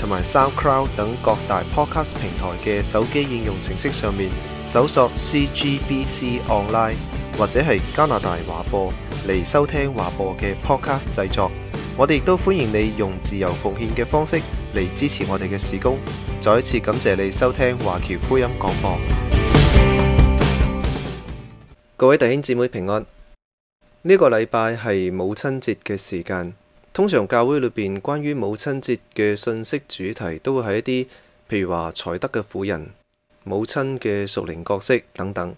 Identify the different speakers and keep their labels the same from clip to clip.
Speaker 1: 同埋 SoundCloud 等各大 Podcast 平台嘅手機應用程式上面搜索 CGBC Online 或者係加拿大華播嚟收聽華播嘅 Podcast 製作，我哋亦都歡迎你用自由奉獻嘅方式嚟支持我哋嘅事工。再一次感謝你收聽華僑福音廣播。各位弟兄姊妹平安，呢、這個禮拜係母親節嘅時間。通常教會裏邊關於母親節嘅信息主題都會係一啲，譬如話才德嘅婦人、母親嘅屬靈角色等等。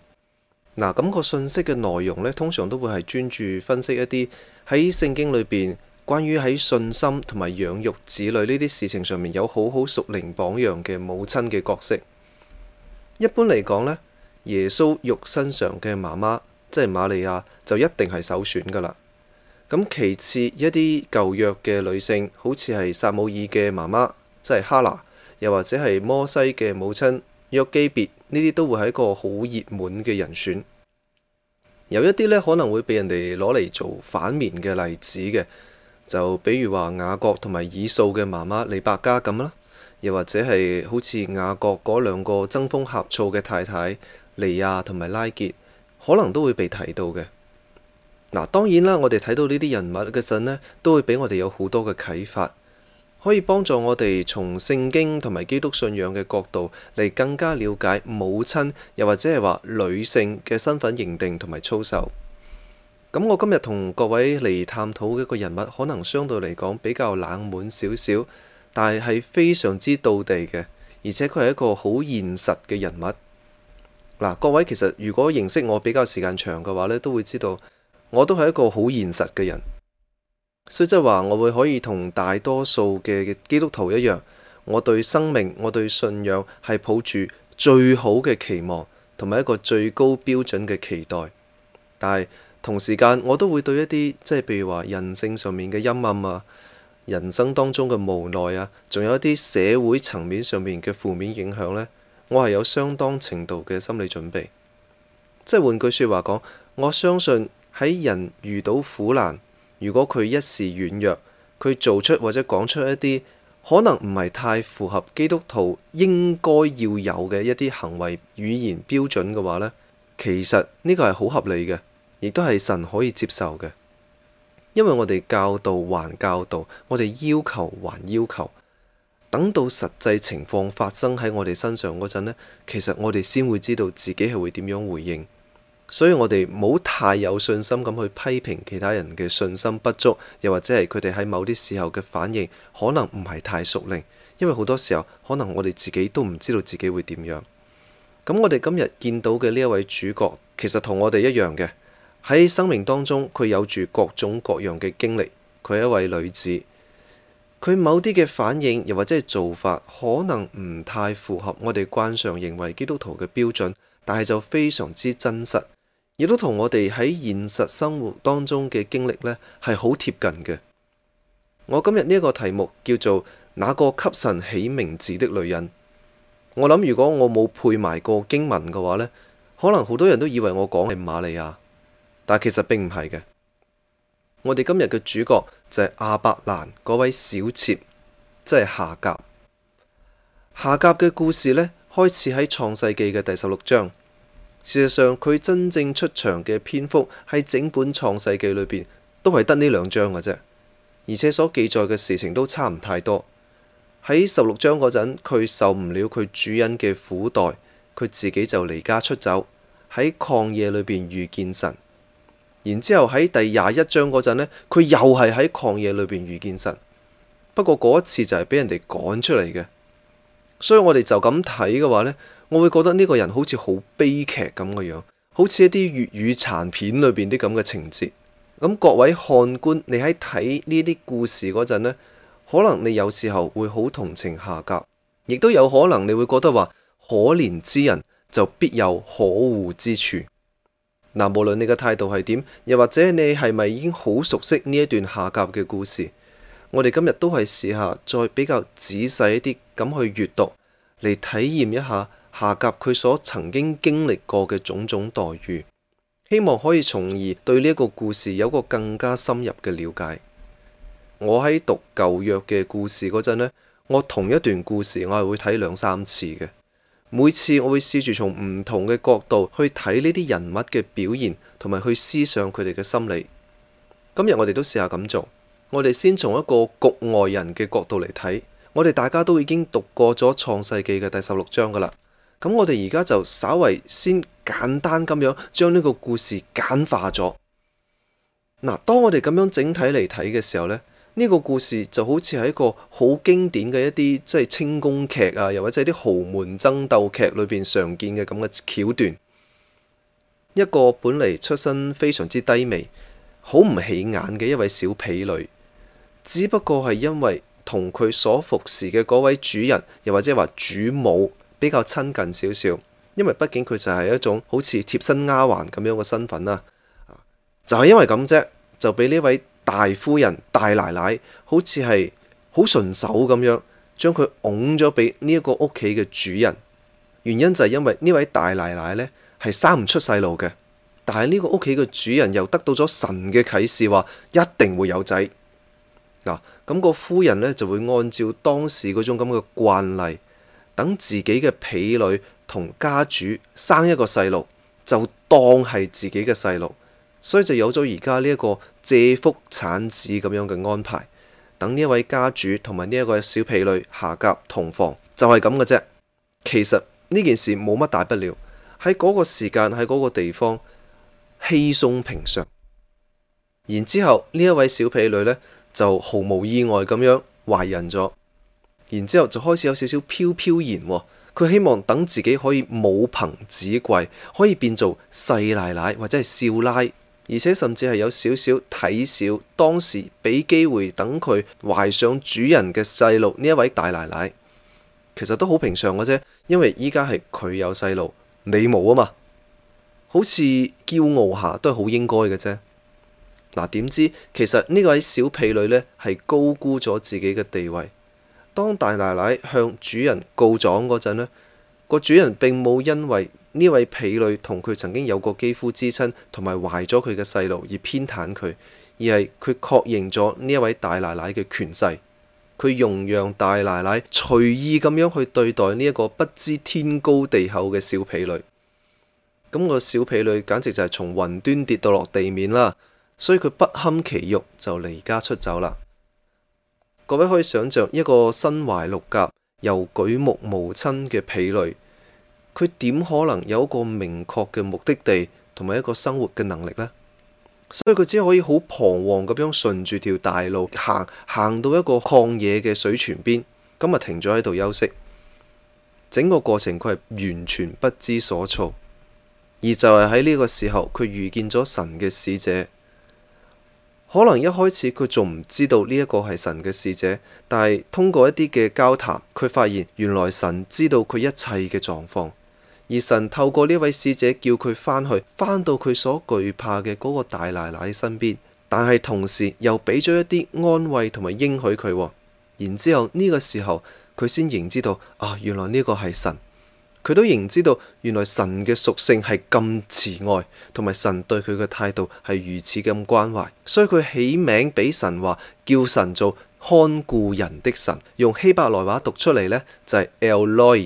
Speaker 1: 嗱，咁個信息嘅內容呢，通常都會係專注分析一啲喺聖經裏邊關於喺信心同埋養育子女呢啲事情上面有好好屬靈榜樣嘅母親嘅角色。一般嚟講呢，耶穌肉身上嘅媽媽即係瑪利亞，就一定係首選㗎喇。咁其次，一啲舊約嘅女性，好似係撒母耳嘅媽媽，即係哈拿，又或者係摩西嘅母親約基別，呢啲都會係一個好熱門嘅人選。有一啲呢可能會被人哋攞嚟做反面嘅例子嘅，就比如話雅各同埋以掃嘅媽媽利百加咁啦，又或者係好似雅各嗰兩個爭風呷醋嘅太太利亞同埋拉結，可能都會被提到嘅。嗱，當然啦，我哋睇到呢啲人物嘅陣呢，都會俾我哋有好多嘅啟發，可以幫助我哋從聖經同埋基督信仰嘅角度嚟更加了解母親，又或者係話女性嘅身份認定同埋操守。咁、嗯、我今日同各位嚟探討嘅一個人物，可能相對嚟講比較冷門少少，但係係非常之道地嘅，而且佢係一個好現實嘅人物。嗱、嗯，各位其實如果認識我比較時間長嘅話呢，都會知道。我都係一個好現實嘅人，所以即係話，我會可以同大多數嘅基督徒一樣，我對生命、我對信仰係抱住最好嘅期望，同埋一個最高標準嘅期待。但係同時間，我都會對一啲即係，譬如話人性上面嘅陰暗啊，人生當中嘅無奈啊，仲有一啲社會層面上面嘅負面影響呢，我係有相當程度嘅心理準備。即係換句説話講，我相信。喺人遇到苦難，如果佢一時軟弱，佢做出或者講出一啲可能唔係太符合基督徒應該要有嘅一啲行為語言標準嘅話咧，其實呢個係好合理嘅，亦都係神可以接受嘅。因為我哋教導還教導，我哋要求還要求，等到實際情況發生喺我哋身上嗰陣咧，其實我哋先會知道自己係會點樣回應。所以我哋冇太有信心咁去批評其他人嘅信心不足，又或者係佢哋喺某啲時候嘅反應可能唔係太熟練，因為好多時候可能我哋自己都唔知道自己會點樣，咁我哋今日見到嘅呢一位主角，其實同我哋一樣嘅，喺生命當中佢有住各種各樣嘅經歷，佢係一位女子，佢某啲嘅反應又或者係做法，可能唔太符合我哋慣常認為基督徒嘅標準，但係就非常之真實。亦都同我哋喺現實生活當中嘅經歷呢係好貼近嘅。我今日呢一個題目叫做《那個給神起名字的女人》。我諗如果我冇配埋個經文嘅話呢，可能好多人都以為我講係瑪利亞，但其實並唔係嘅。我哋今日嘅主角就係亞伯蘭嗰位小妾，即係夏甲。夏甲嘅故事呢，開始喺創世記嘅第十六章。事實上，佢真正出場嘅篇幅喺整本創世記裏邊都係得呢兩章嘅啫，而且所記載嘅事情都差唔太多。喺十六章嗰陣，佢受唔了佢主人嘅苦待，佢自己就離家出走，喺曠野裏邊遇見神。然之後喺第廿一章嗰陣呢，佢又係喺曠野裏邊遇見神，不過嗰一次就係俾人哋趕出嚟嘅。所以我哋就咁睇嘅話呢。我會覺得呢個人好似好悲劇咁嘅樣，好似一啲粵語殘片裏邊啲咁嘅情節。咁各位看官，你喺睇呢啲故事嗰陣呢，可能你有時候會好同情夏甲，亦都有可能你會覺得話可憐之人就必有可惡之處。嗱，無論你嘅態度係點，又或者你係咪已經好熟悉呢一段夏甲嘅故事，我哋今日都係試下再比較仔細一啲咁去閱讀，嚟體驗一下。下夾佢所曾經經歷過嘅種種待遇，希望可以從而對呢一個故事有個更加深入嘅了解。我喺讀舊約嘅故事嗰陣呢，我同一段故事我係會睇兩三次嘅，每次我會試住從唔同嘅角度去睇呢啲人物嘅表現，同埋去思想佢哋嘅心理。今日我哋都試下咁做，我哋先從一個局外人嘅角度嚟睇，我哋大家都已經讀過咗創世紀嘅第十六章噶啦。咁我哋而家就稍為先簡單咁樣將呢個故事簡化咗。嗱，當我哋咁樣整體嚟睇嘅時候呢，呢個故事就好似係一個好經典嘅一啲即係清宮劇啊，又或者啲豪門爭鬥劇裏邊常見嘅咁嘅橋段。一個本嚟出身非常之低微、好唔起眼嘅一位小婢女，只不過係因為同佢所服侍嘅嗰位主人，又或者話主母。比較親近少少，因為畢竟佢就係一種好似貼身丫鬟咁樣嘅身份啦，就係因為咁啫，就俾呢位大夫人、大奶奶，好似係好順手咁樣，將佢拱咗俾呢一個屋企嘅主人。原因就係因為呢位大奶奶呢係生唔出細路嘅，但係呢個屋企嘅主人又得到咗神嘅啟示，話一定會有仔。嗱，咁個夫人呢就會按照當時嗰種咁嘅慣例。等自己嘅婢女同家主生一個細路，就當係自己嘅細路，所以就有咗而家呢一個借腹產子咁樣嘅安排。等呢一位家主同埋呢一個小婢女下夾同房，就係咁嘅啫。其實呢件事冇乜大不了，喺嗰個時間，喺嗰個地方稀鬆平常。然之後呢一位小婢女呢，就毫無意外咁樣懷孕咗。然之後就開始有少少飄飄然喎、哦，佢希望等自己可以母憑子貴，可以變做細奶奶或者係少奶奶，而且甚至係有少少睇小當時俾機會等佢懷上主人嘅細路呢一位大奶奶，其實都好平常嘅啫，因為依家係佢有細路，你冇啊嘛，好似驕傲下都係好應該嘅啫。嗱、啊、點知其實呢位小婢女呢係高估咗自己嘅地位。當大奶奶向主人告狀嗰陣，呢個主人並冇因為呢位婢女同佢曾經有過肌膚之親，同埋懷咗佢嘅細路而偏袒佢，而係佢確認咗呢一位大奶奶嘅權勢，佢容讓大奶奶隨意咁樣去對待呢一個不知天高地厚嘅小婢女。咁個小婢女簡直就係從雲端跌到落地面啦，所以佢不堪其辱就離家出走啦。各位可以想象一個身懷六甲又舉目無親嘅婢女，佢點可能有一個明確嘅目的地同埋一個生活嘅能力呢？所以佢只可以好彷徨咁樣順住條大路行，行到一個曠野嘅水泉邊，咁咪停咗喺度休息。整個過程佢係完全不知所措，而就係喺呢個時候，佢遇見咗神嘅使者。可能一開始佢仲唔知道呢一個係神嘅使者，但係通過一啲嘅交談，佢發現原來神知道佢一切嘅狀況，而神透過呢位使者叫佢返去，返到佢所懼怕嘅嗰個大奶奶身邊，但係同時又俾咗一啲安慰同埋應許佢。然之後呢個時候，佢先認知道啊，原來呢個係神。佢都認知到，原來神嘅屬性係咁慈愛，同埋神對佢嘅態度係如此咁關懷，所以佢起名俾神話，叫神做看顧人的神。用希伯來話讀出嚟呢，就係、是、Eloi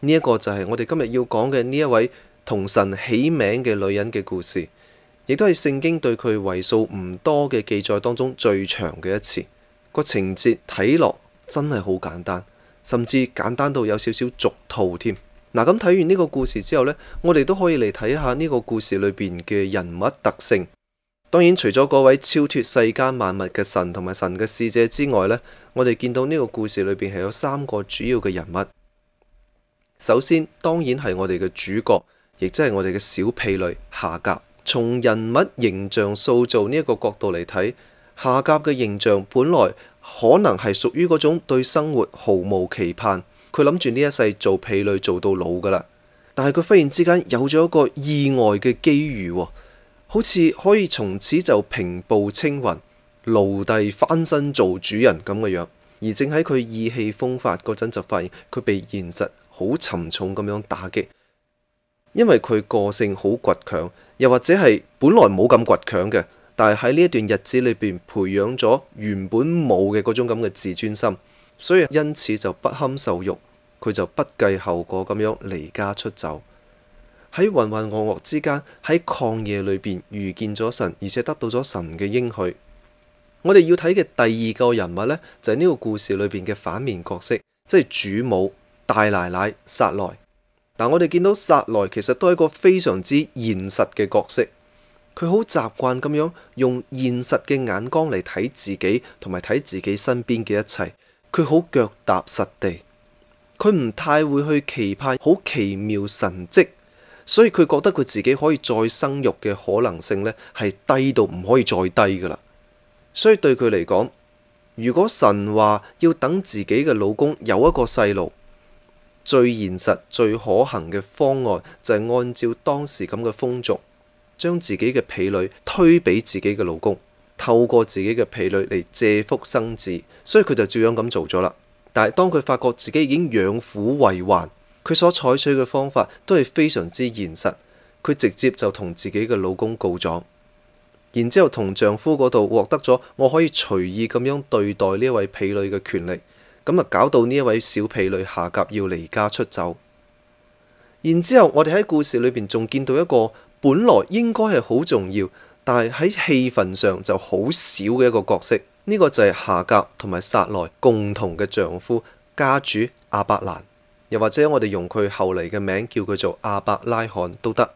Speaker 1: 呢一、這個就係我哋今日要講嘅呢一位同神起名嘅女人嘅故事，亦都係聖經對佢為數唔多嘅記載當中最長嘅一次。個情節睇落真係好簡單，甚至簡單到有少少俗套添。嗱，咁睇完呢個故事之後呢，我哋都可以嚟睇下呢個故事裏面嘅人物特性。當然，除咗嗰位超脫世間萬物嘅神同埋神嘅使者之外呢，我哋見到呢個故事裏面係有三個主要嘅人物。首先，當然係我哋嘅主角，亦即係我哋嘅小婢女夏甲。從人物形象塑造呢一個角度嚟睇，夏甲嘅形象本來可能係屬於嗰種對生活毫無期盼。佢諗住呢一世做婢女做到老噶啦，但係佢忽然之間有咗一個意外嘅機遇、哦，好似可以從此就平步青雲，奴隸翻身做主人咁嘅樣。而正喺佢意氣風發嗰陣，就發現佢被現實好沉重咁樣打擊，因為佢個性好倔強，又或者係本來冇咁倔強嘅，但係喺呢一段日子裏邊培養咗原本冇嘅嗰種咁嘅自尊心。所以因此就不堪受辱，佢就不計後果咁樣離家出走。喺渾渾噩噩之間，喺曠野裏邊遇見咗神，而且得到咗神嘅應許。我哋要睇嘅第二個人物呢，就係呢個故事裏邊嘅反面角色，即係主母大奶奶薩萊。但我哋見到薩萊其實都係一個非常之現實嘅角色，佢好習慣咁樣用現實嘅眼光嚟睇自己，同埋睇自己身邊嘅一切。佢好腳踏實地，佢唔太會去期盼好奇妙神蹟，所以佢覺得佢自己可以再生育嘅可能性呢係低到唔可以再低㗎喇。所以對佢嚟講，如果神話要等自己嘅老公有一個細路，最現實最可行嘅方案就係按照當時咁嘅風俗，將自己嘅婢女推俾自己嘅老公。透過自己嘅婢女嚟借福生子，所以佢就照樣咁做咗啦。但係當佢發覺自己已經養虎為患，佢所採取嘅方法都係非常之現實。佢直接就同自己嘅老公告狀，然之後同丈夫嗰度獲得咗我可以隨意咁樣對待呢位婢女嘅權力，咁啊搞到呢一位小婢女夏甲要離家出走。然之後我哋喺故事裏邊仲見到一個本來應該係好重要。但係喺戲份上就好少嘅一個角色，呢、這個就係夏甲同埋撒萊共同嘅丈夫家主亞伯蘭，又或者我哋用佢後嚟嘅名叫佢做亞伯拉罕都得。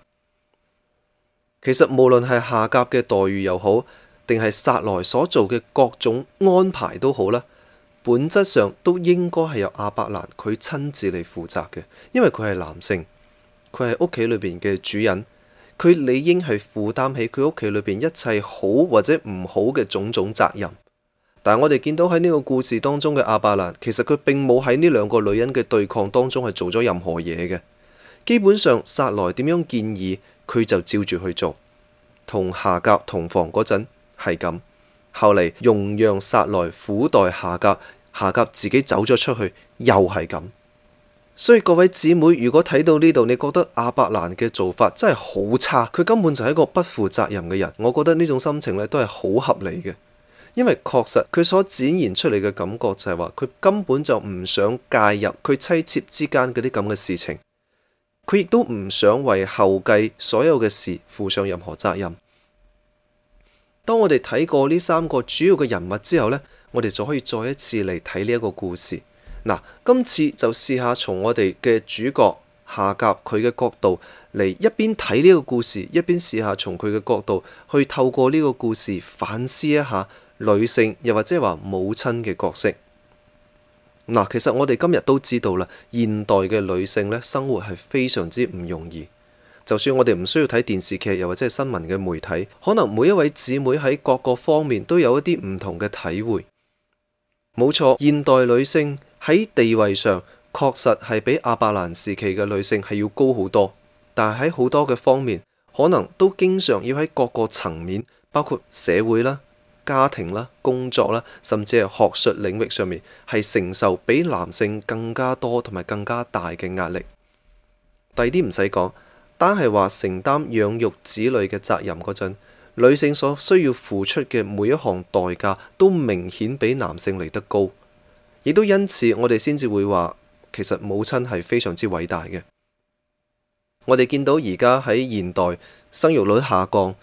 Speaker 1: 其實無論係夏甲嘅待遇又好，定係撒萊所做嘅各種安排都好啦，本質上都應該係由亞伯蘭佢親自嚟負責嘅，因為佢係男性，佢係屋企裏邊嘅主人。佢理應係負擔起佢屋企裏邊一切好或者唔好嘅種種責任，但係我哋見到喺呢個故事當中嘅亞伯蘭，其實佢並冇喺呢兩個女人嘅對抗當中係做咗任何嘢嘅。基本上撒萊點樣建議佢就照住去做，同夏甲同房嗰陣係咁，後嚟容讓撒萊苦待夏甲，夏甲自己走咗出去又係咁。所以各位姊妹，如果睇到呢度，你覺得阿伯蘭嘅做法真係好差，佢根本就係一個不負責任嘅人，我覺得呢種心情咧都係好合理嘅，因為確實，佢所展現出嚟嘅感覺就係話，佢根本就唔想介入佢妻妾之間嗰啲咁嘅事情，佢亦都唔想為後繼所有嘅事負上任何責任。當我哋睇過呢三個主要嘅人物之後咧，我哋就可以再一次嚟睇呢一個故事。嗱，今次就試下從我哋嘅主角夏甲佢嘅角度嚟，一邊睇呢個故事，一邊試下從佢嘅角度去透過呢個故事反思一下女性，又或者話母親嘅角色。嗱，其實我哋今日都知道啦，現代嘅女性呢，生活係非常之唔容易。就算我哋唔需要睇電視劇，又或者係新聞嘅媒體，可能每一位姊妹喺各個方面都有一啲唔同嘅體會。冇錯，現代女性。喺地位上，確實係比亞伯蘭時期嘅女性係要高好多，但係喺好多嘅方面，可能都經常要喺各個層面，包括社會啦、家庭啦、工作啦，甚至係學術領域上面，係承受比男性更加多同埋更加大嘅壓力。第二啲唔使講，單係話承擔養育子女嘅責任嗰陣，女性所需要付出嘅每一項代價，都明顯比男性嚟得高。亦都因此，我哋先至會話，其實母親係非常之偉大嘅。我哋見到而家喺現代生育率下降，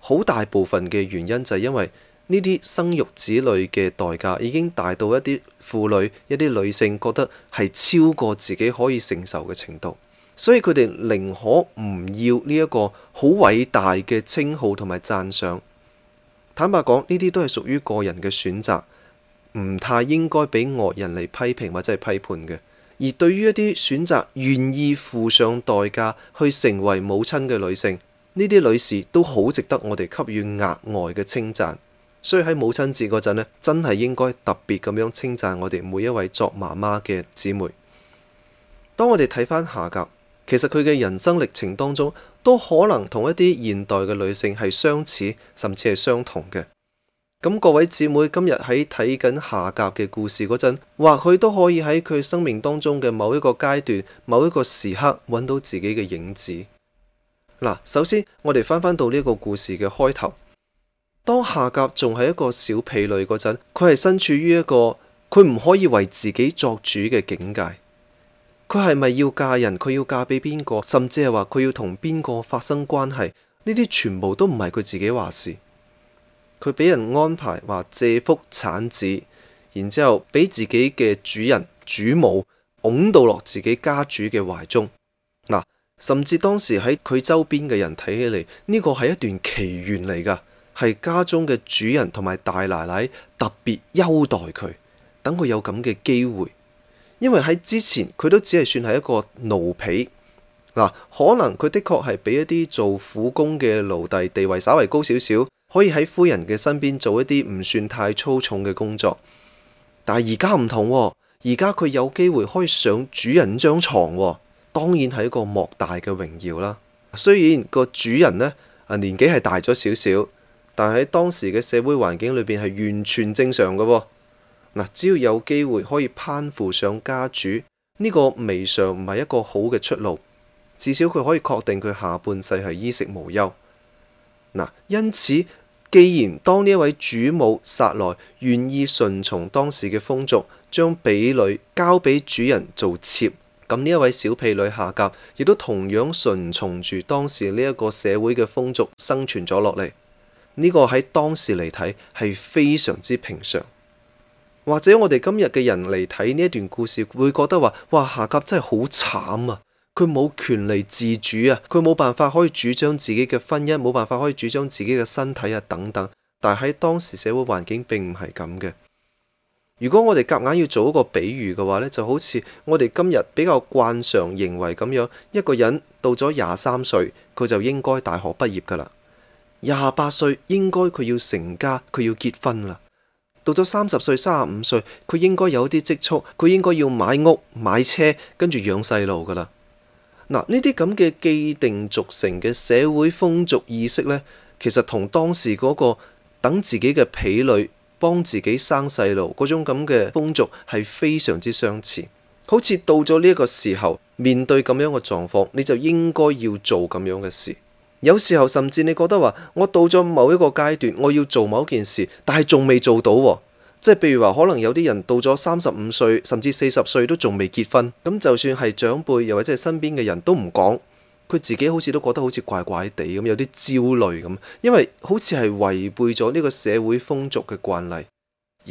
Speaker 1: 好大部分嘅原因就係因為呢啲生育子女嘅代價已經大到一啲婦女、一啲女性覺得係超過自己可以承受嘅程度，所以佢哋寧可唔要呢一個好偉大嘅稱號同埋讚賞。坦白講，呢啲都係屬於個人嘅選擇。唔太應該俾外人嚟批評或者係批判嘅，而對於一啲選擇願意付上代價去成為母親嘅女性，呢啲女士都好值得我哋給予額外嘅稱讚。所以喺母親節嗰陣呢真係應該特別咁樣稱讚我哋每一位作媽媽嘅姊妹。當我哋睇返夏甲，其實佢嘅人生歷程當中，都可能同一啲現代嘅女性係相似，甚至係相同嘅。咁各位姊妹今日喺睇緊夏甲嘅故事嗰陣，或許都可以喺佢生命當中嘅某一個階段，某一個時刻，揾到自己嘅影子。嗱，首先我哋翻返到呢個故事嘅開頭，當夏甲仲係一個小婢女嗰陣，佢係身處於一個佢唔可以為自己作主嘅境界。佢係咪要嫁人？佢要嫁俾邊個？甚至係話佢要同邊個發生關係？呢啲全部都唔係佢自己話事。佢俾人安排話借腹產子，然之後俾自己嘅主人主母擁到落自己家主嘅懷中嗱、啊，甚至當時喺佢周邊嘅人睇起嚟，呢、這個係一段奇緣嚟噶，係家中嘅主人同埋大奶奶特別優待佢，等佢有咁嘅機會，因為喺之前佢都只係算係一個奴婢嗱、啊，可能佢的確係比一啲做苦工嘅奴隸地位稍微高少少。可以喺夫人嘅身邊做一啲唔算太粗重嘅工作，但係而家唔同喎，而家佢有機會可以上主人張床喎，當然係一個莫大嘅榮耀啦。雖然個主人呢，年紀係大咗少少，但喺當時嘅社會環境裏邊係完全正常嘅。嗱，只要有機會可以攀附上家主，呢、這個未嘗唔係一個好嘅出路，至少佢可以確定佢下半世係衣食無憂。嗱，因此既然當呢位主母撒萊願意順從當時嘅風俗，將婢女交俾主人做妾，咁呢一位小婢女夏甲亦都同樣順從住當時呢一個社會嘅風俗生存咗落嚟，呢、這個喺當時嚟睇係非常之平常，或者我哋今日嘅人嚟睇呢一段故事，會覺得話，哇，夏甲真係好慘啊！佢冇權利自主啊！佢冇辦法可以主張自己嘅婚姻，冇辦法可以主張自己嘅身體啊！等等。但係喺當時社會環境並唔係咁嘅。如果我哋夾硬要做一個比喻嘅話呢，就好似我哋今日比較慣常認為咁樣，一個人到咗廿三歲，佢就應該大學畢業噶啦。廿八歲應該佢要成家，佢要結婚啦。到咗三十歲、三十五歲，佢應該有啲積蓄，佢應該要買屋買車，跟住養細路噶啦。嗱，呢啲咁嘅既定俗成嘅社會風俗意識咧，其實同當時嗰個等自己嘅婢女幫自己生細路嗰種咁嘅風俗係非常之相似。好似到咗呢一個時候，面對咁樣嘅狀況，你就應該要做咁樣嘅事。有時候甚至你覺得話，我到咗某一個階段，我要做某件事，但係仲未做到喎、哦。即係譬如話，可能有啲人到咗三十五歲，甚至四十歲都仲未結婚，咁就算係長輩又或者係身邊嘅人都唔講，佢自己好似都覺得好似怪怪地咁，有啲焦慮咁，因為好似係違背咗呢個社會風俗嘅慣例。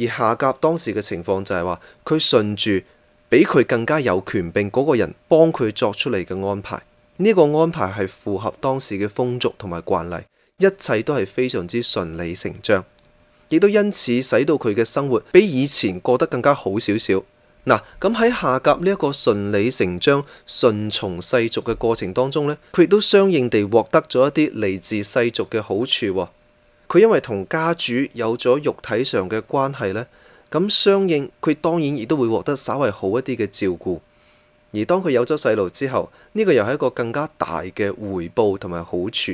Speaker 1: 而夏甲當時嘅情況就係話，佢順住比佢更加有權柄嗰個人幫佢作出嚟嘅安排，呢、這個安排係符合當時嘅風俗同埋慣例，一切都係非常之順理成章。亦都因此使到佢嘅生活比以前過得更加好少少。嗱、啊，咁喺下甲呢一個順理成章、順從世俗嘅過程當中咧，佢亦都相應地獲得咗一啲嚟自世俗嘅好處。佢因為同家主有咗肉體上嘅關係咧，咁相應佢當然亦都會獲得稍微好一啲嘅照顧。而當佢有咗細路之後，呢、這個又係一個更加大嘅回報同埋好處。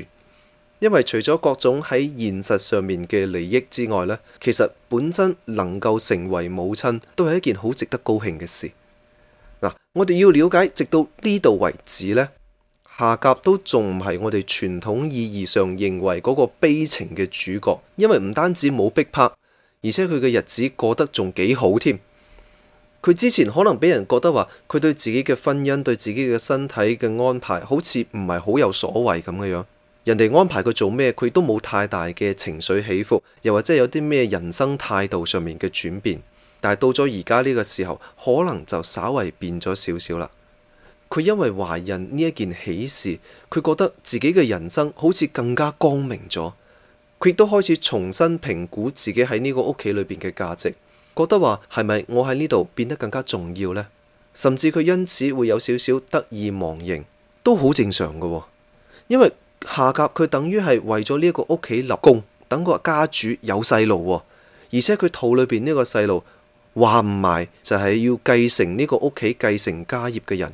Speaker 1: 因為除咗各種喺現實上面嘅利益之外呢，其實本身能夠成為母親都係一件好值得高興嘅事。嗱，我哋要了解，直到呢度為止呢，夏甲都仲唔係我哋傳統意義上認為嗰個悲情嘅主角，因為唔單止冇逼迫，而且佢嘅日子過得仲幾好添。佢之前可能俾人覺得話，佢對自己嘅婚姻、對自己嘅身體嘅安排，好似唔係好有所謂咁嘅樣。人哋安排佢做咩，佢都冇太大嘅情緒起伏，又或者有啲咩人生態度上面嘅轉變。但係到咗而家呢個時候，可能就稍為變咗少少啦。佢因為懷孕呢一件喜事，佢覺得自己嘅人生好似更加光明咗。佢亦都開始重新評估自己喺呢個屋企裏邊嘅價值，覺得話係咪我喺呢度變得更加重要呢？甚至佢因此會有少少得意忘形，都好正常嘅喎，因為，下嫁佢等於係為咗呢一個屋企立功，等個家主有細路、哦，而且佢肚裏邊呢個細路話唔埋就係、是、要繼承呢個屋企繼承家業嘅人，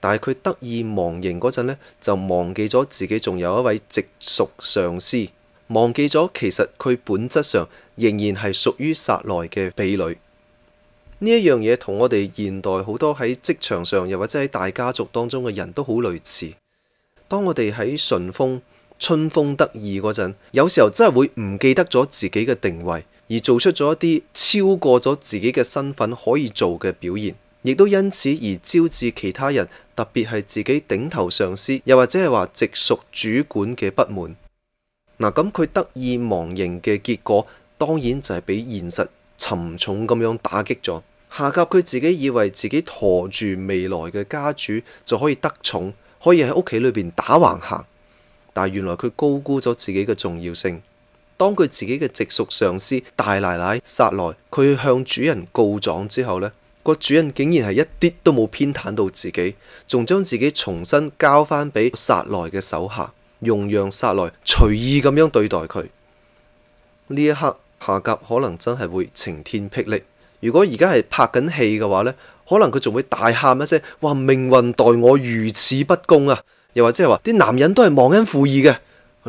Speaker 1: 但係佢得意忘形嗰陣呢，就忘記咗自己仲有一位直屬上司，忘記咗其實佢本質上仍然係屬於撒萊嘅婢女。呢一樣嘢同我哋現代好多喺職場上，又或者喺大家族當中嘅人都好類似。當我哋喺順風、春風得意嗰陣，有時候真係會唔記得咗自己嘅定位，而做出咗一啲超過咗自己嘅身份可以做嘅表現，亦都因此而招致其他人，特別係自己頂頭上司，又或者係話直屬主管嘅不滿。嗱，咁佢得意忘形嘅結果，當然就係俾現實沉重咁樣打擊咗。下甲佢自己以為自己駝住未來嘅家主就可以得寵。可以喺屋企裏邊打橫行，但係原來佢高估咗自己嘅重要性。當佢自己嘅直屬上司大奶奶薩萊佢向主人告狀之後，呢個主人竟然係一啲都冇偏袒到自己，仲將自己重新交返俾薩萊嘅手下，容讓薩萊隨意咁樣對待佢。呢一刻，夏甲可能真係會晴天霹靂。如果而家係拍緊戲嘅話呢。可能佢仲會大喊一聲：話命運待我如此不公啊！又或者係話啲男人都係忘恩負義嘅，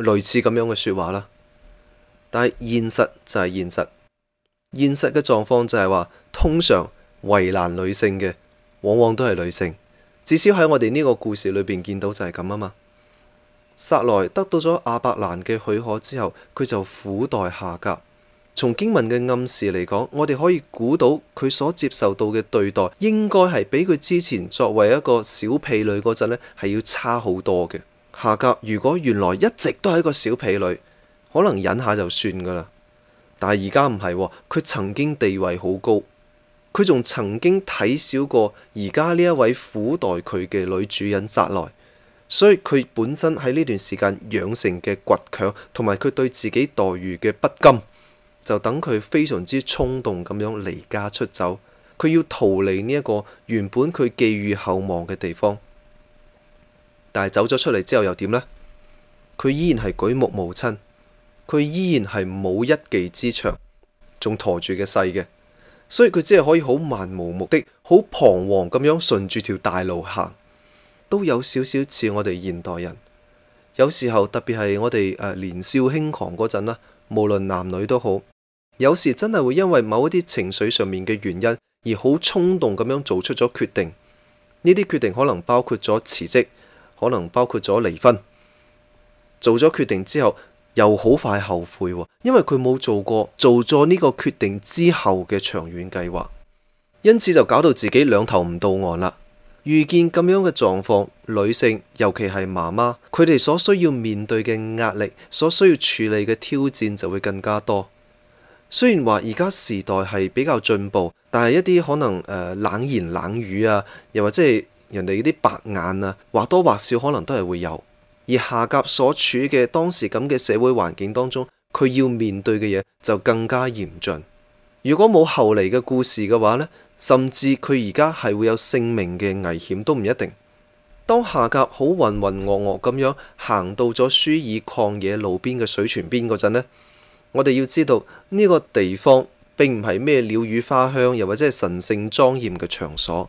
Speaker 1: 類似咁樣嘅說話啦。但係現實就係現實，現實嘅狀況就係話，通常為難女性嘅，往往都係女性。至少喺我哋呢個故事裏邊見到就係咁啊嘛。撒萊得到咗亞伯蘭嘅許可之後，佢就苦待夏甲。從經文嘅暗示嚟講，我哋可以估到佢所接受到嘅對待，應該係比佢之前作為一個小婢女嗰陣呢，係要差好多嘅。下格，如果原來一直都係一個小婢女，可能忍下就算㗎喇。但係而家唔係喎，佢曾經地位好高，佢仲曾經睇小過而家呢一位苦待佢嘅女主人宅內，所以佢本身喺呢段時間養成嘅倔強，同埋佢對自己待遇嘅不甘。就等佢非常之衝動咁樣離家出走，佢要逃離呢一個原本佢寄予厚望嘅地方。但係走咗出嚟之後又點呢？佢依然係舉目無親，佢依然係冇一技之長，仲陀住嘅細嘅，所以佢只係可以好漫無目的、好彷徨咁樣順住條大路行，都有少少似我哋現代人。有時候特別係我哋、呃、年少輕狂嗰陣啦。無論男女都好，有時真係會因為某一啲情緒上面嘅原因而好衝動咁樣做出咗決定。呢啲決定可能包括咗辭職，可能包括咗離婚。做咗決定之後，又好快後悔喎，因為佢冇做過做咗呢個決定之後嘅長遠計劃，因此就搞到自己兩頭唔到岸啦。遇見咁樣嘅狀況，女性尤其係媽媽，佢哋所需要面對嘅壓力，所需要處理嘅挑戰就會更加多。雖然話而家時代係比較進步，但係一啲可能誒、呃、冷言冷語啊，又或者係人哋啲白眼啊，或多或少可能都係會有。而夏甲所處嘅當時咁嘅社會環境當中，佢要面對嘅嘢就更加嚴峻。如果冇後嚟嘅故事嘅話呢，甚至佢而家係會有性命嘅危險都唔一定。當夏甲好渾渾噩噩咁樣行到咗書珥曠野路邊嘅水泉邊嗰陣咧，我哋要知道呢個地方並唔係咩鳥語花香，又或者係神聖莊嚴嘅場所、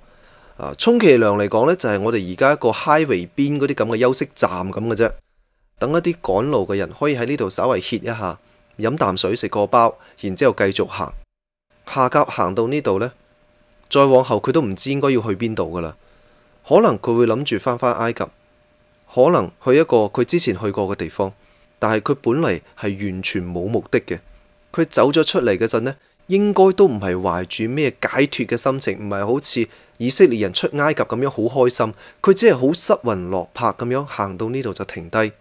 Speaker 1: 啊、充其量嚟講呢就係、是、我哋而家一個 highway 邊嗰啲咁嘅休息站咁嘅啫，等一啲趕路嘅人可以喺呢度稍微歇一下，飲啖水，食個包，然之後繼續行。夏甲行到呢度呢。再往後佢都唔知應該要去邊度㗎喇，可能佢會諗住返返埃及，可能去一個佢之前去過嘅地方，但係佢本嚟係完全冇目的嘅。佢走咗出嚟嘅陣呢，應該都唔係懷住咩解脫嘅心情，唔係好似以色列人出埃及咁樣好開心，佢只係好失魂落魄咁樣行到呢度就停低，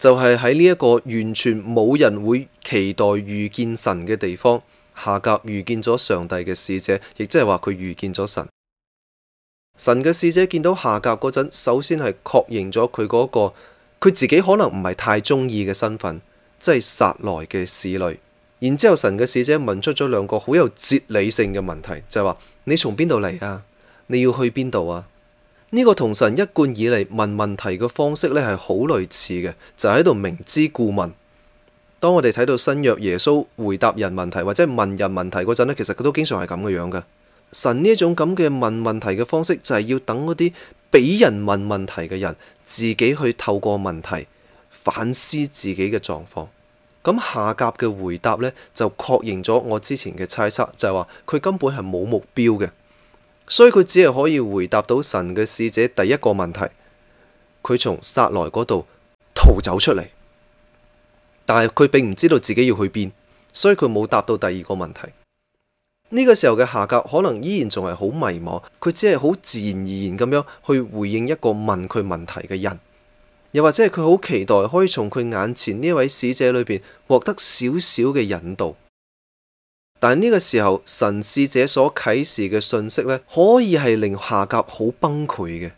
Speaker 1: 就係喺呢一個完全冇人會期待遇見神嘅地方。夏甲遇見咗上帝嘅使者，亦即係話佢遇見咗神。神嘅使者見到夏甲嗰陣，首先係確認咗佢嗰個佢自己可能唔係太中意嘅身份，即係撒萊嘅侍女。然之後神嘅使者問出咗兩個好有哲理性嘅問題，就係話：你從邊度嚟啊？你要去邊度啊？呢個同神一貫以嚟問問題嘅方式咧係好類似嘅，就喺度明知故問。當我哋睇到新約耶穌回答人問題或者問人問題嗰陣咧，其實佢都經常係咁嘅樣嘅。神呢一種咁嘅問問題嘅方式，就係要等嗰啲俾人問問題嘅人自己去透過問題反思自己嘅狀況。咁夏甲嘅回答咧，就確認咗我之前嘅猜測，就係話佢根本係冇目標嘅，所以佢只係可以回答到神嘅使者第一個問題。佢從撒萊嗰度逃走出嚟，但係佢並唔知道自己要去邊，所以佢冇答到第二個問題。呢個時候嘅夏甲可能依然仲係好迷茫，佢只係好自然而然咁樣去回應一個問佢問題嘅人，又或者係佢好期待可以從佢眼前呢位使者裏邊獲得少少嘅引導。但係呢個時候神使者所啟示嘅信息呢，可以係令夏甲好崩潰嘅，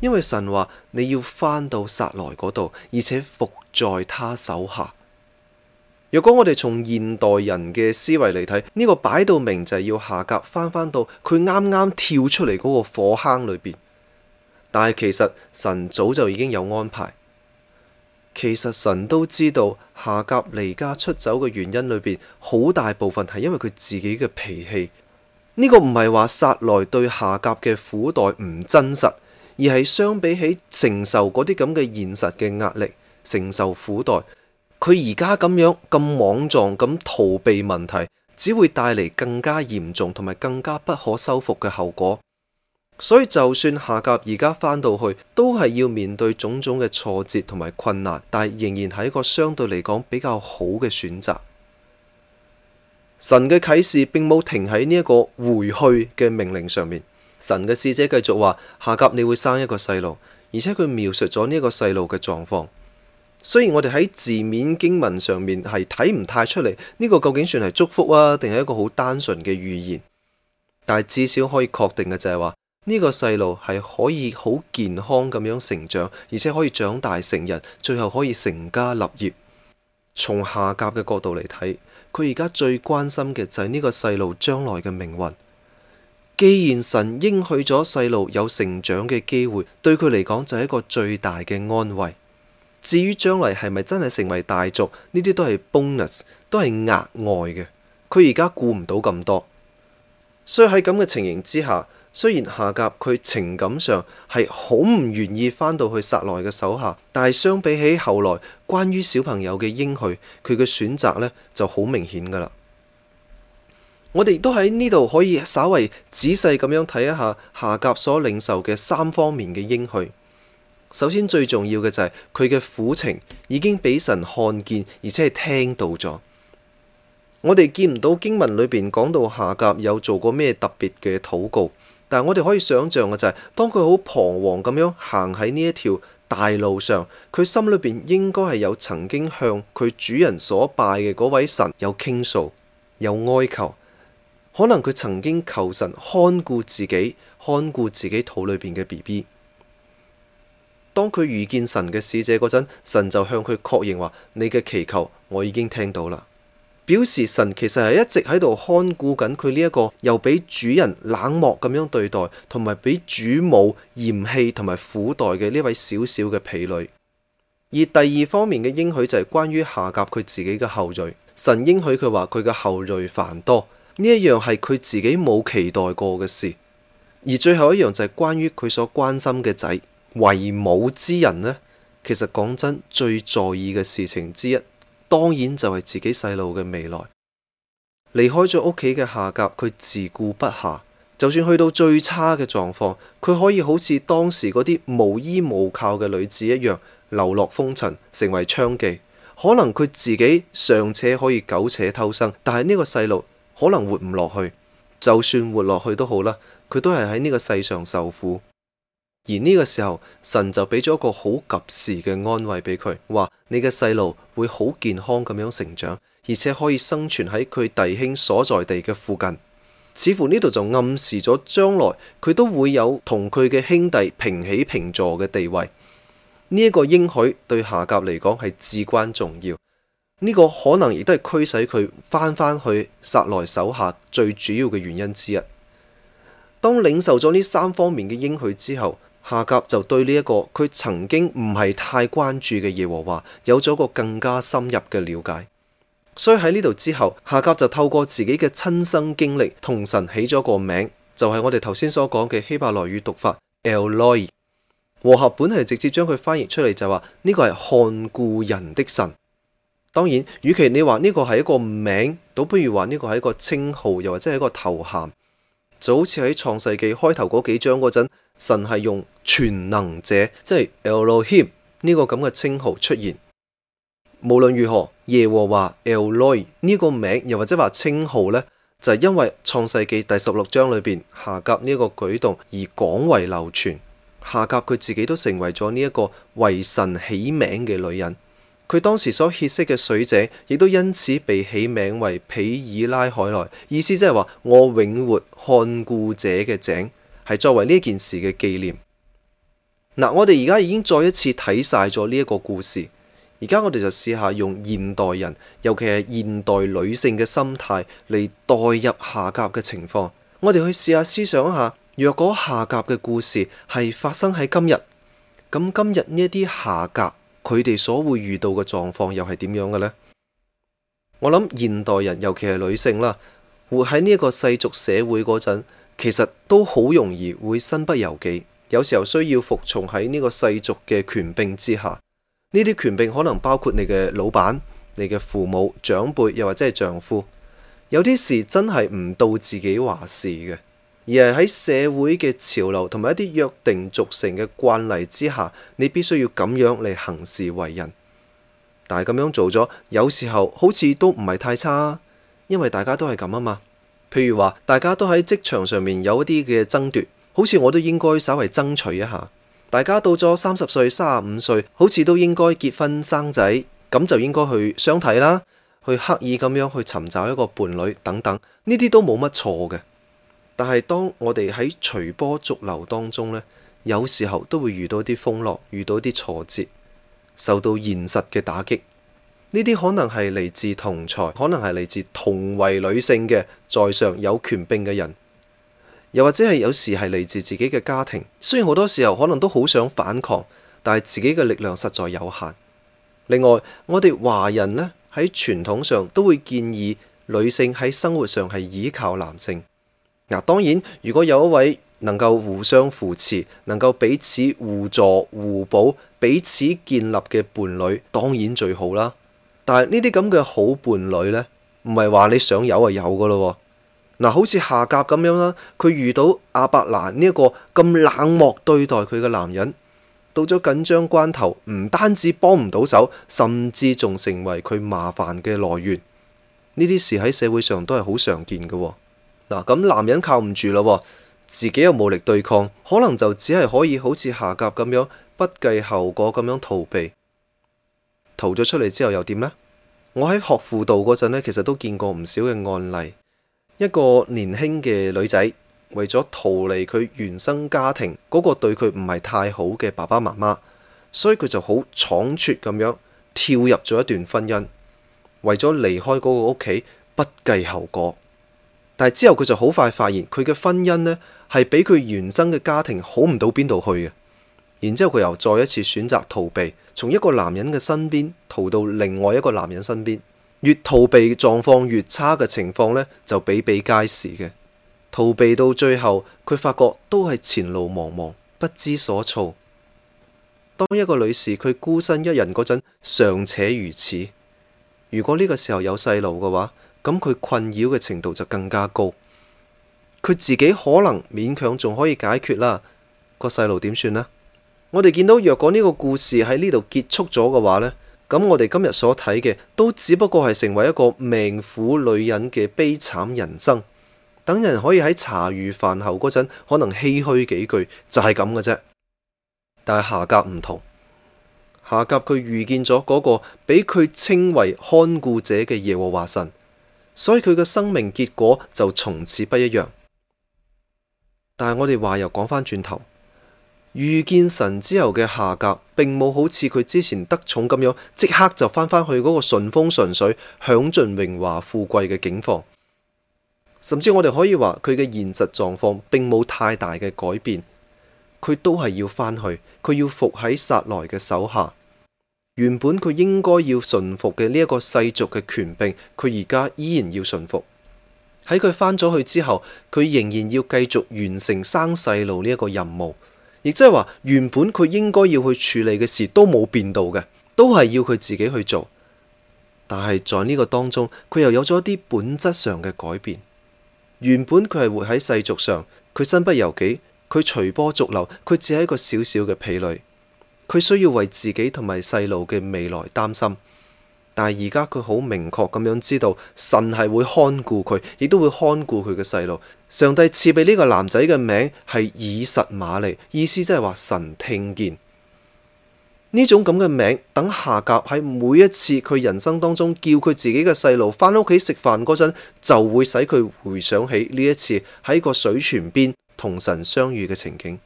Speaker 1: 因為神話你要返到撒萊嗰度，而且伏在他手下。若果我哋從現代人嘅思維嚟睇，呢個擺到明就係要下甲返返到佢啱啱跳出嚟嗰個火坑裏邊。但係其實神早就已經有安排，其實神都知道下甲離家出走嘅原因裏邊，好大部分係因為佢自己嘅脾氣。呢個唔係話撒萊對下甲嘅苦待唔真實，而係相比起承受嗰啲咁嘅現實嘅壓力，承受苦待。佢而家咁樣咁莽撞咁逃避問題，只會帶嚟更加嚴重同埋更加不可修復嘅後果。所以就算夏甲而家返到去，都係要面對種種嘅挫折同埋困難，但係仍然係一個相對嚟講比較好嘅選擇。神嘅啟示並冇停喺呢一個回去嘅命令上面，神嘅使者繼續話：夏甲你會生一個細路，而且佢描述咗呢個細路嘅狀況。雖然我哋喺字面經文上面係睇唔太出嚟，呢個究竟算係祝福啊，定係一個好單純嘅預言？但係至少可以確定嘅就係話，呢個細路係可以好健康咁樣成長，而且可以長大成人，最後可以成家立業。從夏甲嘅角度嚟睇，佢而家最關心嘅就係呢個細路將來嘅命運。既然神應許咗細路有成長嘅機會，對佢嚟講就係一個最大嘅安慰。至於將來係咪真係成為大族，呢啲都係 bonus，都係額外嘅。佢而家顧唔到咁多，所以喺咁嘅情形之下，雖然夏甲佢情感上係好唔願意返到去撒萊嘅手下，但係相比起後來關於小朋友嘅應許，佢嘅選擇呢就好明顯㗎喇。我哋都喺呢度可以稍為仔細咁樣睇一下夏甲所領受嘅三方面嘅應許。首先最重要嘅就係佢嘅苦情已經俾神看見，而且係聽到咗。我哋見唔到經文裏邊講到夏甲有做過咩特別嘅禱告，但係我哋可以想像嘅就係、是，當佢好彷徨咁樣行喺呢一條大路上，佢心裏邊應該係有曾經向佢主人所拜嘅嗰位神有傾訴，有哀求。可能佢曾經求神看顧自己，看顧自己肚裏邊嘅 B B。當佢遇見神嘅使者嗰陣，神就向佢確認話：「你嘅祈求我已經聽到啦。」表示神其實係一直喺度看顧緊佢呢一個又俾主人冷漠咁樣對待，同埋俾主母嫌棄同埋苦待嘅呢位小小嘅婢女。而第二方面嘅應許就係關於夏甲佢自己嘅後裔，神應許佢話佢嘅後裔繁多，呢一樣係佢自己冇期待過嘅事。而最後一樣就係關於佢所關心嘅仔。為母之人呢，其實講真，最在意嘅事情之一，當然就係自己細路嘅未來。離開咗屋企嘅下格，佢自顧不暇。就算去到最差嘅狀況，佢可以好似當時嗰啲無依無靠嘅女子一樣，流落風塵，成為娼妓。可能佢自己尚且可以苟且偷生，但係呢個細路可能活唔落去。就算活落去都好啦，佢都係喺呢個世上受苦。而呢個時候，神就俾咗一個好及時嘅安慰俾佢，話你嘅細路會好健康咁樣成長，而且可以生存喺佢弟兄所在地嘅附近。似乎呢度就暗示咗將來佢都會有同佢嘅兄弟平起平坐嘅地位。呢、這、一個應許對夏甲嚟講係至關重要。呢、這個可能亦都係驅使佢翻返去撒萊手下最主要嘅原因之一。當領受咗呢三方面嘅應許之後。夏甲就對呢一個佢曾經唔係太關注嘅耶和華有咗一個更加深入嘅了解，所以喺呢度之後，夏甲就透過自己嘅親身經歷同神起咗個名，就係、是、我哋頭先所講嘅希伯來語讀法 El Roi。和合本係直接將佢翻譯出嚟，就話呢個係看故人看顧人的神。當然，與其你話呢個係一個名，倒不如話呢個係一個稱號，又或者係一個頭銜，就好似喺創世記開頭嗰幾章嗰陣。神係用全能者，即係 Elohim 呢個咁嘅稱號出現。無論如何，耶和華 El Roi 呢個名又或者話稱號呢，就係、是、因為創世記第十六章裏邊夏甲呢一個舉動而廣為流傳。夏甲佢自己都成為咗呢一個為神起名嘅女人。佢當時所歇息嘅水井，亦都因此被起名為庇耳拉海萊，意思即係話我永活看顧者嘅井。係作為呢件事嘅紀念。嗱，我哋而家已經再一次睇晒咗呢一個故事，而家我哋就試下用現代人，尤其係現代女性嘅心態嚟代入夏甲嘅情況。我哋去試下思想一下，若果夏甲嘅故事係發生喺今日，咁今日呢一啲夏甲佢哋所會遇到嘅狀況又係點樣嘅呢？我諗現代人，尤其係女性啦，活喺呢一個世俗社會嗰陣。其實都好容易會身不由己，有時候需要服從喺呢個世俗嘅權柄之下。呢啲權柄可能包括你嘅老闆、你嘅父母、長輩，又或者係丈夫。有啲事真係唔到自己話事嘅，而係喺社會嘅潮流同埋一啲約定俗成嘅慣例之下，你必須要咁樣嚟行事為人。但係咁樣做咗，有時候好似都唔係太差，因為大家都係咁啊嘛。譬如話，大家都喺職場上面有一啲嘅爭奪，好似我都應該稍微爭取一下。大家到咗三十歲、三十五歲，好似都應該結婚生仔，咁就應該去相睇啦，去刻意咁樣去尋找一個伴侶等等，呢啲都冇乜錯嘅。但係當我哋喺隨波逐流當中呢，有時候都會遇到一啲風浪，遇到一啲挫折，受到現實嘅打擊。呢啲可能係嚟自同儕，可能係嚟自同為女性嘅在上有權柄嘅人，又或者係有時係嚟自自己嘅家庭。雖然好多時候可能都好想反抗，但係自己嘅力量實在有限。另外，我哋華人呢，喺傳統上都會建議女性喺生活上係倚靠男性。嗱，當然如果有一位能夠互相扶持、能夠彼此互助互補、彼此建立嘅伴侶，當然最好啦。但係呢啲咁嘅好伴侶呢，唔係話你想有就有㗎咯喎。嗱、啊，好似夏甲咁樣啦，佢遇到阿伯蘭呢一個咁冷漠對待佢嘅男人，到咗緊張關頭，唔單止幫唔到手，甚至仲成為佢麻煩嘅來源。呢啲事喺社會上都係好常見嘅。嗱、啊，咁男人靠唔住咯，自己又無力對抗，可能就只係可以好似夏甲咁樣，不計後果咁樣逃避。逃咗出嚟之後又點呢？我喺學輔導嗰陣咧，其實都見過唔少嘅案例。一個年輕嘅女仔為咗逃離佢原生家庭嗰個對佢唔係太好嘅爸爸媽媽，所以佢就好倉促咁樣跳入咗一段婚姻，為咗離開嗰個屋企，不計後果。但係之後佢就好快發現，佢嘅婚姻呢，係比佢原生嘅家庭好唔到邊度去嘅。然之後佢又再一次選擇逃避，從一個男人嘅身邊逃到另外一個男人身邊，越逃避狀況越差嘅情況呢，就比比皆是嘅。逃避到最後，佢發覺都係前路茫茫，不知所措。當一個女士佢孤身一人嗰陣尚且如此，如果呢個時候有細路嘅話，咁佢困擾嘅程度就更加高。佢自己可能勉強仲可以解決啦，個細路點算呢？我哋見到，若果呢個故事喺呢度結束咗嘅話呢，咁我哋今日所睇嘅都只不過係成為一個命苦女人嘅悲慘人生，等人可以喺茶餘飯後嗰陣可能唏噓幾句就係咁嘅啫。但係夏甲唔同，夏甲佢遇見咗嗰個俾佢稱為看顧者嘅耶和華神，所以佢嘅生命結果就從此不一樣。但係我哋話又講返轉頭。遇見神之後嘅夏甲並冇好似佢之前得寵咁樣，即刻就返返去嗰個順風順水、享盡榮華富貴嘅境況。甚至我哋可以話佢嘅現實狀況並冇太大嘅改變，佢都係要返去，佢要伏喺撒萊嘅手下。原本佢應該要順服嘅呢一個世俗嘅權柄，佢而家依然要順服。喺佢返咗去之後，佢仍然要繼續完成生細路呢一個任務。亦即係話，原本佢應該要去處理嘅事都冇變到嘅，都係要佢自己去做。但係在呢個當中，佢又有咗一啲本質上嘅改變。原本佢係活喺世俗上，佢身不由己，佢隨波逐流，佢只係一個小小嘅婢女，佢需要為自己同埋細路嘅未來擔心。但係而家佢好明確咁樣知道神係會看顧佢，亦都會看顧佢嘅細路。上帝賜俾呢個男仔嘅名係以實瑪利，意思即係話神聽見呢種咁嘅名。等夏甲喺每一次佢人生當中叫佢自己嘅細路翻屋企食飯嗰陣，就會使佢回想起呢一次喺個水泉邊同神相遇嘅情景。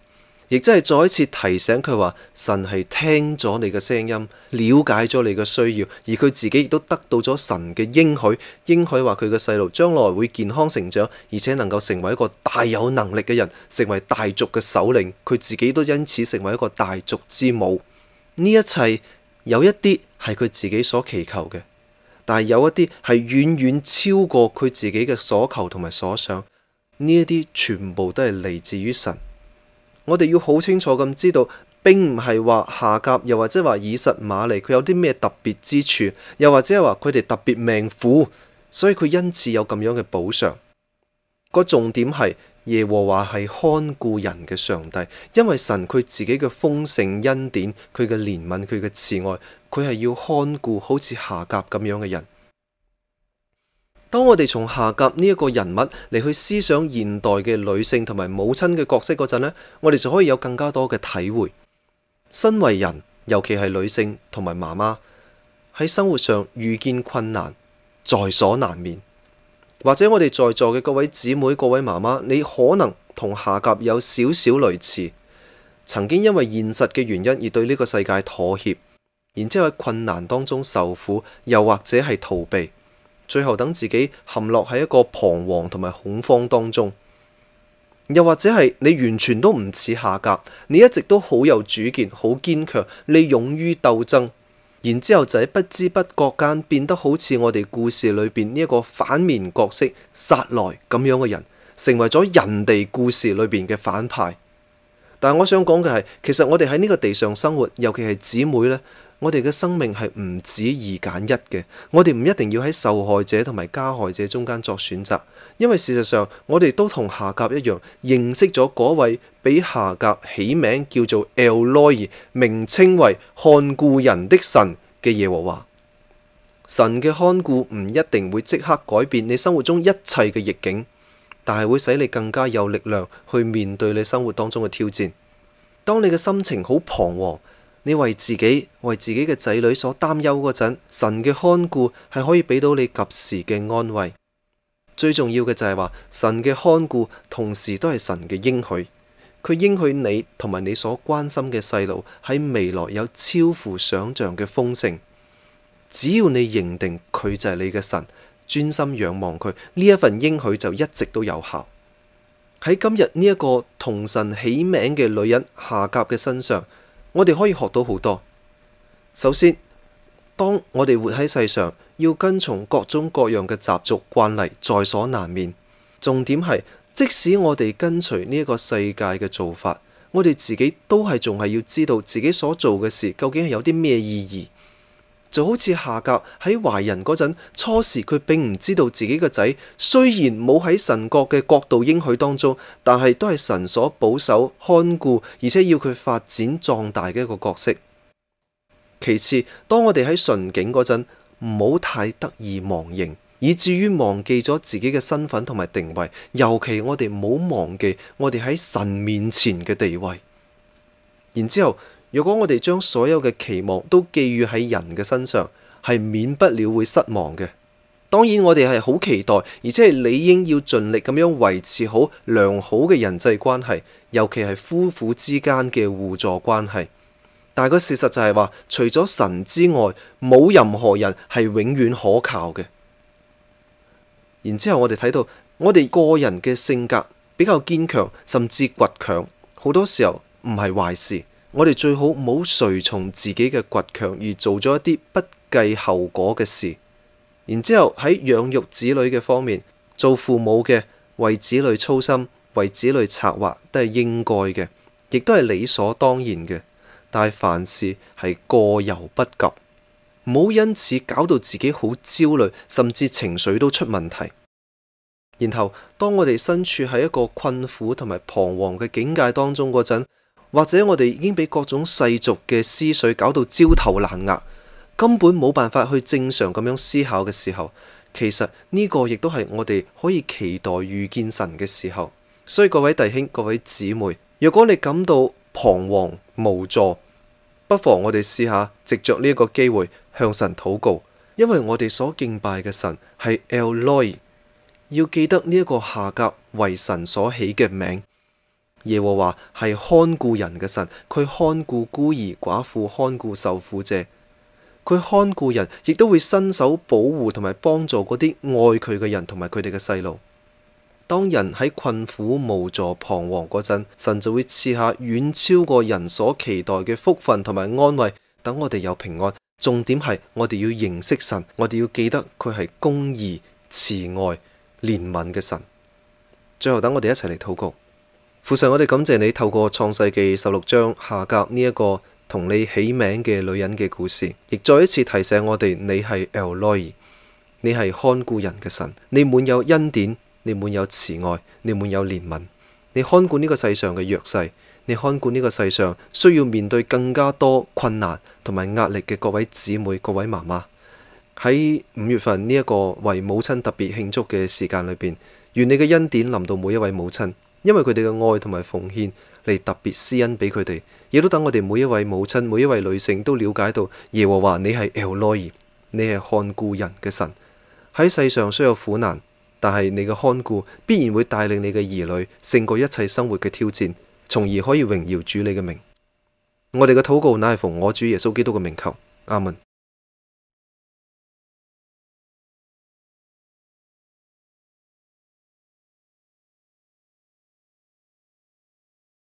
Speaker 1: 亦即係再一次提醒佢話，神係聽咗你嘅聲音，了解咗你嘅需要，而佢自己亦都得到咗神嘅應許，應許話佢嘅細路將來會健康成長，而且能夠成為一個大有能力嘅人，成為大族嘅首領。佢自己都因此成為一個大族之母。呢一切有一啲係佢自己所祈求嘅，但係有一啲係遠遠超過佢自己嘅所求同埋所想。呢一啲全部都係嚟自於神。我哋要好清楚咁知道，並唔係話夏甲，又或者話以實瑪利，佢有啲咩特別之處，又或者係話佢哋特別命苦，所以佢因此有咁樣嘅補償。個重點係耶和華係看顧人嘅上帝，因為神佢自己嘅豐盛恩典，佢嘅憐憫，佢嘅慈愛，佢係要看顧好似夏甲咁樣嘅人。當我哋從夏甲呢一個人物嚟，去思想現代嘅女性同埋母親嘅角色嗰陣呢，我哋就可以有更加多嘅體會。身為人，尤其係女性同埋媽媽，喺生活上遇見困難，在所難免。或者我哋在座嘅各位姊妹、各位媽媽，你可能同夏甲有少少類似，曾經因為現實嘅原因而對呢個世界妥協，然之後喺困難當中受苦，又或者係逃避。最後等自己陷落喺一個彷徨同埋恐慌當中，又或者係你完全都唔似下格，你一直都好有主見、好堅強，你勇於鬥爭，然之後就喺不知不覺間變得好似我哋故事裏邊呢一個反面角色撒萊咁樣嘅人，成為咗人哋故事裏邊嘅反派。但係我想講嘅係，其實我哋喺呢個地上生活，尤其係姊妹呢。我哋嘅生命係唔止二揀一嘅，我哋唔一定要喺受害者同埋加害者中間作選擇，因為事實上我哋都同夏甲一樣認識咗嗰位俾夏甲起名叫做 El Roi，名稱為看顧人的神嘅耶和華。神嘅看顧唔一定會即刻改變你生活中一切嘅逆境，但係會使你更加有力量去面對你生活當中嘅挑戰。當你嘅心情好彷徨，你為自己、為自己嘅仔女所擔憂嗰陣，神嘅看顧係可以俾到你及時嘅安慰。最重要嘅就係話，神嘅看顧同時都係神嘅應許，佢應許你同埋你所關心嘅細路喺未來有超乎想象嘅豐盛。只要你認定佢就係你嘅神，專心仰望佢，呢一份應許就一直都有效。喺今日呢一個同神起名嘅女人夏甲嘅身上，我哋可以學到好多。首先，當我哋活喺世上，要跟從各種各樣嘅習俗慣例，在所難免。重點係，即使我哋跟隨呢一個世界嘅做法，我哋自己都係仲係要知道自己所做嘅事究竟係有啲咩意義。就好似夏甲喺懷孕嗰陣，初時佢並唔知道自己個仔，雖然冇喺神國嘅國度應許當中，但係都係神所保守看顧，而且要佢發展壯大嘅一個角色。其次，當我哋喺順境嗰陣，唔好太得意忘形，以至於忘記咗自己嘅身份同埋定位，尤其我哋唔好忘記我哋喺神面前嘅地位。然之後。如果我哋將所有嘅期望都寄予喺人嘅身上，係免不了會失望嘅。當然我哋係好期待，而且係理應要盡力咁樣維持好良好嘅人際關係，尤其係夫婦之間嘅互助關係。但係個事實就係話，除咗神之外，冇任何人係永遠可靠嘅。然之後我哋睇到，我哋個人嘅性格比較堅強，甚至倔強，好多時候唔係壞事。我哋最好唔好隨從自己嘅倔強而做咗一啲不計後果嘅事。然之後喺養育子女嘅方面，做父母嘅為子女操心、為子女策劃都係應該嘅，亦都係理所當然嘅。但係凡事係過猶不及，唔好因此搞到自己好焦慮，甚至情緒都出問題。然後當我哋身處喺一個困苦同埋彷徨嘅境界當中嗰陣。或者我哋已經俾各種世俗嘅思緒搞到焦頭爛額，根本冇辦法去正常咁樣思考嘅時候，其實呢個亦都係我哋可以期待遇見神嘅時候。所以各位弟兄、各位姊妹，如果你感到彷徨無助，不妨我哋試下藉着呢一個機會向神禱告，因為我哋所敬拜嘅神係 El Roi，要記得呢一個夏甲為神所起嘅名。耶和華係看顧人嘅神，佢看顧孤兒寡婦，看顧受苦者，佢看顧人，亦都會伸手保護同埋幫助嗰啲愛佢嘅人同埋佢哋嘅細路。當人喺困苦無助彷徨嗰陣，神就會賜下遠超過人所期待嘅福分同埋安慰，等我哋有平安。重點係我哋要認識神，我哋要記得佢係公義、慈愛、憐憫嘅神。最後，等我哋一齊嚟禱告。父神，我哋感謝你透過創世記十六章下格呢一個同你起名嘅女人嘅故事，亦再一次提醒我哋，你係 El Roi，你係看顧人嘅神，你滿有恩典，你滿有慈愛，你滿有憐憫，你看管呢個世上嘅弱勢，你看管呢個世上需要面對更加多困難同埋壓力嘅各位姊妹、各位媽媽。喺五月份呢一個為母親特別慶祝嘅時間裏邊，願你嘅恩典臨到每一位母親。因為佢哋嘅愛同埋奉獻，嚟特別施恩俾佢哋，亦都等我哋每一位母親、每一位女性都了解到耶和華你係 El Roi，你係看顧人嘅神。喺世上雖有苦難，但係你嘅看顧必然會帶領你嘅兒女勝過一切生活嘅挑戰，從而可以榮耀主你嘅名。我哋嘅禱告乃係奉我主耶穌基督嘅名求，阿門。